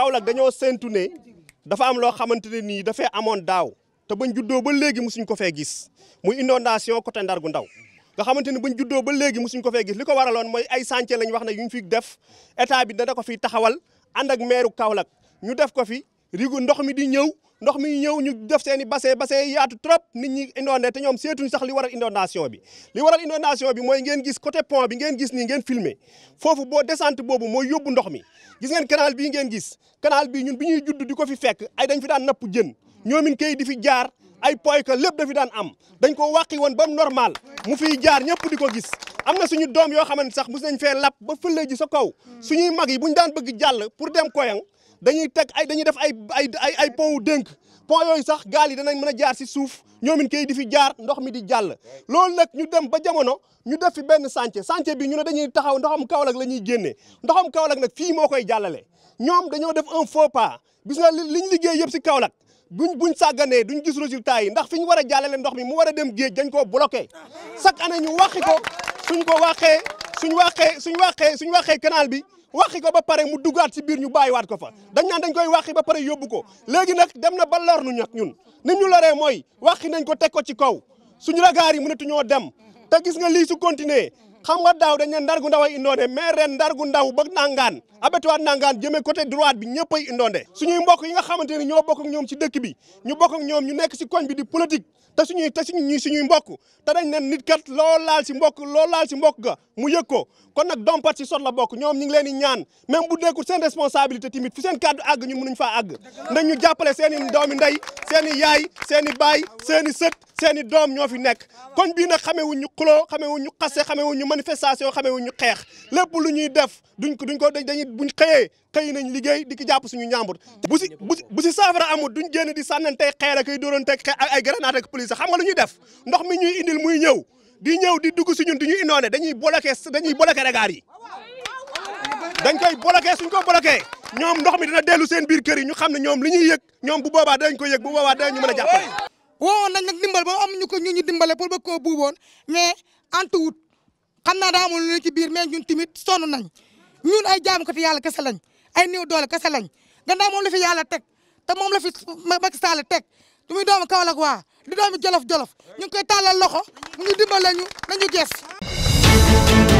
Kaolack dañoo séntu ne dafa am loo xamante ne nii dafay amoon daaw te bañ juddoo ba léegi musuñ ko fee gis muy inondation côté Ndar gu ndaw nga xamante ni buñ juddoo ba léegi musuñ ko fee gis li ko waraloon mooy ay chantier lañ wax ne yuñ fi def état bi dana ko fiy taxawal ànd ak maire Kaolack ñu def ko fi rigu ndox mi di ñëw ndox mi ñëw ñu def seen i bassin bassin yaatu trop nit ñi inondé te ñoom seetuñ sax li waral inondation bi li waral inondation bi mooy ngeen gis coté pont bi ngeen gis ni ngeen filmer foofu boo descente boobu mooy yóbbu ndox mi gis ngeen canal bii ngeen gis canal bii ñun bi ñuy judd di ko fi fekk ay dañ fi daan napp jën ñoomin kay di fi jaar ay poy que lépp dafi daan am dañ ko wàqi woon ba normal mu fiy jaar ñëpp di ko gis am na suñu doom yoo xamante sax mos nañ fee lap ba fële ji sa kaw suñuy mag yi bu ñu daan bëgg jàll pour dem koyang dañuy teg ay dañuy def ay ay ay ay pont wu dénk pont yooyu sax gaal yi danañ mën a jaar si suuf ñoomin kay di fi jaar ndox mi di jàll loolu nag ñu dem ba jamono ñu def fi benn chantier chantier bi ñu ne dañuy taxaw ndoxam Kaolack la ñuy génnee ndoxam Kaolack nag fii moo koy jàllale ñoom dañoo def un faux pas bis nga liñ liggéey yëpp si Kaolack buñ buñ sàgganee duñ gis résultat yi ndax fi ñu war a jàllale ndox mi mu war a dem géej dañ koo bloqué chaque année ñu waxi ko suñ ko waxee suñ waxee suñ waxee suñ waxee canal bi waxi ko ba pare mu duggaat si biir ñu bàyyiwaat ko fa dañ naan dañ koy waxi ba pare yóbbu ko léegi nag dem na ba lor nu ñag ñun ni ñu loree mooy waxi nañ ko teg ko ci kaw suñu ragaar yi mënatuñoo dem te gis nga lii su continuer xam nga daaw dañ ne ndargu ndaw ay indoonde mais ren ndargu ndaw ba nangaan abétuwaat nangaan jëmee côté droite bi ñëpp ay indoonde suñuy mbokk yi nga xamante ni ñoo bokk ñoom ci dëkk bi ñu bokk ak ñoom ñu nekk si koñ bi di politique te suñuy te suñuy ñuy mbokk te dañ ne nit kat loo laal si mbokk loo laal si mbokk ga mu yëg ko kon nag dompat si sot la bokk ñoom ñu ngi leen di ñaan même bu nekkul seen responsabilité timit fu seen kàddu àgg ñun mënuñ faa àgg nañ ñu jàppale seen i doomi ndey seen yaay seen i baay seen i sët seeni doom ñoo fi nekk koñ bii nag xamee wuñ ñu xuloo xamee wuñ ñu xase xamee wuñ ñu manifestation xamee wu ñu xeex lépp lu ñuy def duñ ko duñ ñu dañuy buñ xëyee xëy nañ liggéey di ki jàpp suñu ñaambur bu si bu si saafara amul duñ génn di sànnanteeg xeer ak ay dóoranteeg xeer ak ay grenade ak police xam nga lu ñuy def ndox mi ñuy indil muy ñëw di ñëw di dugg si ñun di ñuy indoone dañuy bloqué dañuy bloqué regards yi dañ koy bloqué suñ ko bloqué ñoom ndox mi dina delu seen biir kër yi ñu xam ne ñoom li ñuy yëg ñoom bu dañ ko yëg bu boobaa dañ ñu mën a woowoon nañ nag dimbal ba am ñu ko ñu ñu dimbale pour ba koo buuboon mais antuwut xam naa daa amul lu ci biir mais ñu timit sonn nañ ñun ay jaamukati yàlla kese lañ ay néew doole kese lañ gannaaw moom la fi teg te moom la fi Macky Sall teg du muy doomu Kaolack waa di doomu Jolof Jolof ñu ngi koy tàllal loxo mu ñu dimbale ñu nañu